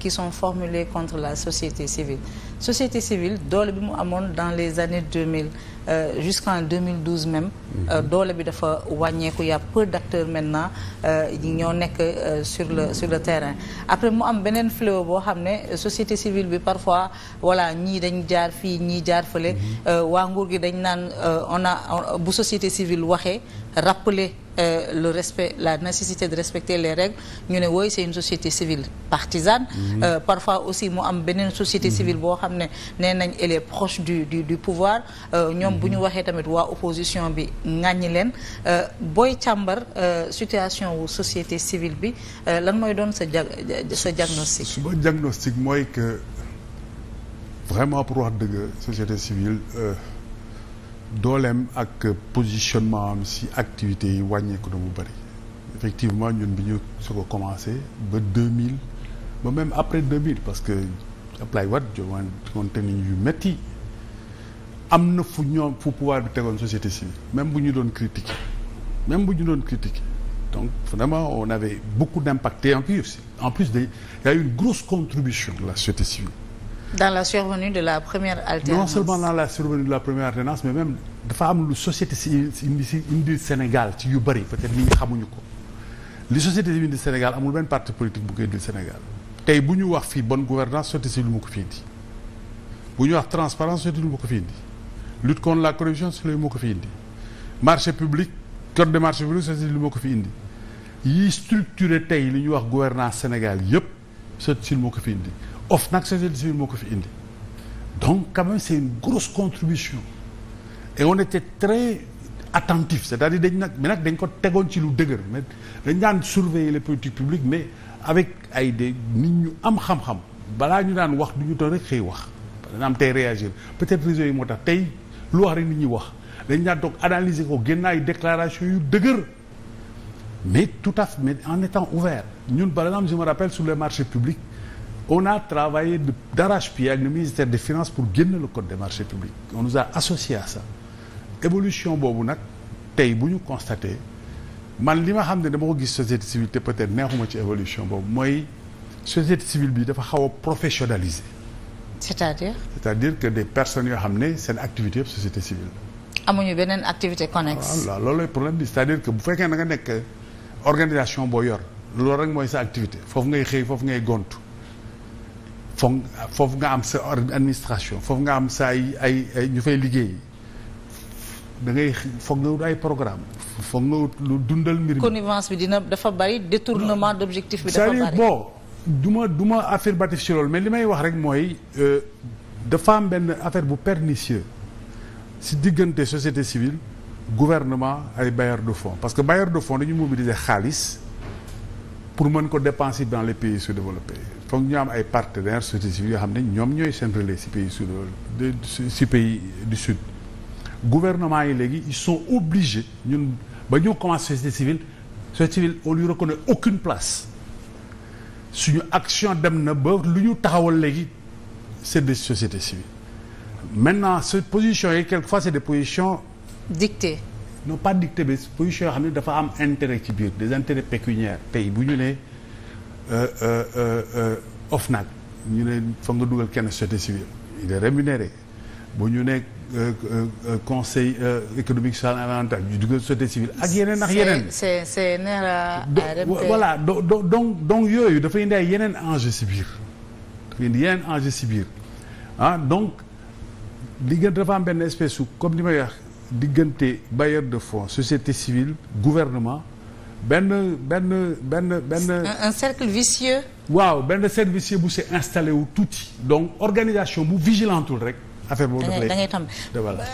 qui sont formulées contre la société civile société civile doole bi mu amoon dans les années 2000 Euh, jusqu'en 2012 même euh, doole bi dafa wàññeeku y docteur peu d'acteurs maintenant euh, ñoo nekk sur le sur le terrain après mu am beneen fléau boo xam ne société civile bi parfois voilà ñii dañ jaar fii ñii jaar fële waa nguur gi dañ naan on a bu société civile waxee rappeler Euh, le respect la nécessité de respecter les règles ñu ne wooy c'est une société civile partisane mhm. parfois aussi mu am beneen société mhm. civile boo xam ne nee nañ elle est proche du du pouvoir ñoom bu ñu waxee tamit waa opposition bi ñi leen euh, booy càmbar euh, situation wu société civile bi euh, lan mooy doon sa ja sa diagnostic. suma diagnostic mooy que vraiment pour wax dëgg société civile dooleem ak positionnement am activité yi wàññeeku na mu bëri effectivement ñun bi ñu soog a commencé ba 2000 ba même après 2000 parce que Ablaye Wade joxoon nañu yu métti. am na fu ñoom fu pouvoir bi tegoon société civile même bu ñu doon critiquer même bu ñu doon critiquer donc vraiment on avait beaucoup d'impact et en plus en plus de y une grosse contribution la société civile. dans la survenue de la première alternance non seulement dans la la première alternance mais même dafa am lu société civile indi si indi Sénégal ci yu bëri peut-être ngi xamuñu ko li société civile di Sénégal amul benn parti politique bu koy Sénégal tey bu ñu wax fii bonne gouvernance société civile moo ko fi indi bu ñu wax transparence société civile moo ko fi indi lutte contre la corruption c'est lu moo ko fi indi marché public code de marché public c'est lu moo fi indi yi structuré tey li ñuy wax gouvernant Sénégal yëpp société civile moo ko fi indi nag société civile moo ko fi indi donc quand même c'est une grosse contribution et on était très attentif c'est-à-dire dañ nag mais nag dañ ko tegoon ci lu dëgër mais dañ daan surveiller les politiques publiques mais avec ay des nit ñu am xam-xam balaa ñu daan wax du ñu toog rek xëy wax dana am tey réagir peut-être réseau yi moo tax tey lu wax rek nit ñi wax dañ naa toog analyser ko génn ay déclaration yu dëgër mais tout à fait mais en étant ouvert ñun par exemple je me rappelle sur les marchés publics on a travaillé de d'arrache-pied ak le ministère de finances pour génn le code de marchés publics on nous a associé à ça évolution boobu nag tey bu ñu constaté man li ma xam ne dama ko gis société civile te peut-être neexuma ci évolution boobu mooy société civile bi dafa xaw a professionnaliser c'est-à-dire. cest que des personnes yoo xam ne seen activité yëpp société civile. amuñu beneen activité connexe. voilà loolu lay problème bi c'est-à-dire que bu fekkee na nga nekk organisation boo yor loolu rek mooy sa activité foofu ngay xëy foofu ngay gontu foofu nga am sa administration foofu nga am sa ay ay ñu fay liggéey da ngay foog nga wut ay programme foog nga wut lu dundal mbir mi. connivence bi dina dafa bari détournement d'objectif bi dafa bari. c'est-à-dire bon. du duma du ma loolu mais li may wax rek mooy euh, dafa am benn affaire bu pernicieux si diggante société civile gouvernement ay bailleurs de fonds parce que bailleurs de fonds dañu mobiliser xaalis pour mën ko dépenser dans les pays su développés foog ñu am ay partenaire société civile yoo xam ne ñoom ñooy seen relais ci pays sud ci pays du sud gouvernement yi léegi ils sont obligés ñun ba ñu commencé société civile société civile on lui reconnaît place suñu action dem na ba lu ñu taxawal léegi c'est des sociétés civiles maintenant ces positions yi quelquefois c'est des position dictées non pas dictées mais positions yoo xam ne dafa am intérêt ci biir des intérêts pécuniaires tey bu ñu nee euh, euh, euh, OFNAC ñu ne fa nga dugal kenn société civile il est rémunéré bu ñu nekk euh, euh, euh, conseil économique social et environnemental ñu dugal société civile ak yeneen ak yeneen. c'est c'est voilà do donc donc yooyu dafa indi yeneen enjeu si biir dafay indi yeneen enjeu ah, donc diggante dafa am benn espèce su comme li may wax diggante bailleur de fonds société civile gouvernement. benn benn benn benn. un cercle vicieux. waaw benn cercle vicieux bu s'est installé wu tuuti. donc organisation bu vigilantul rek. affaire boobu daf lay da ngay tam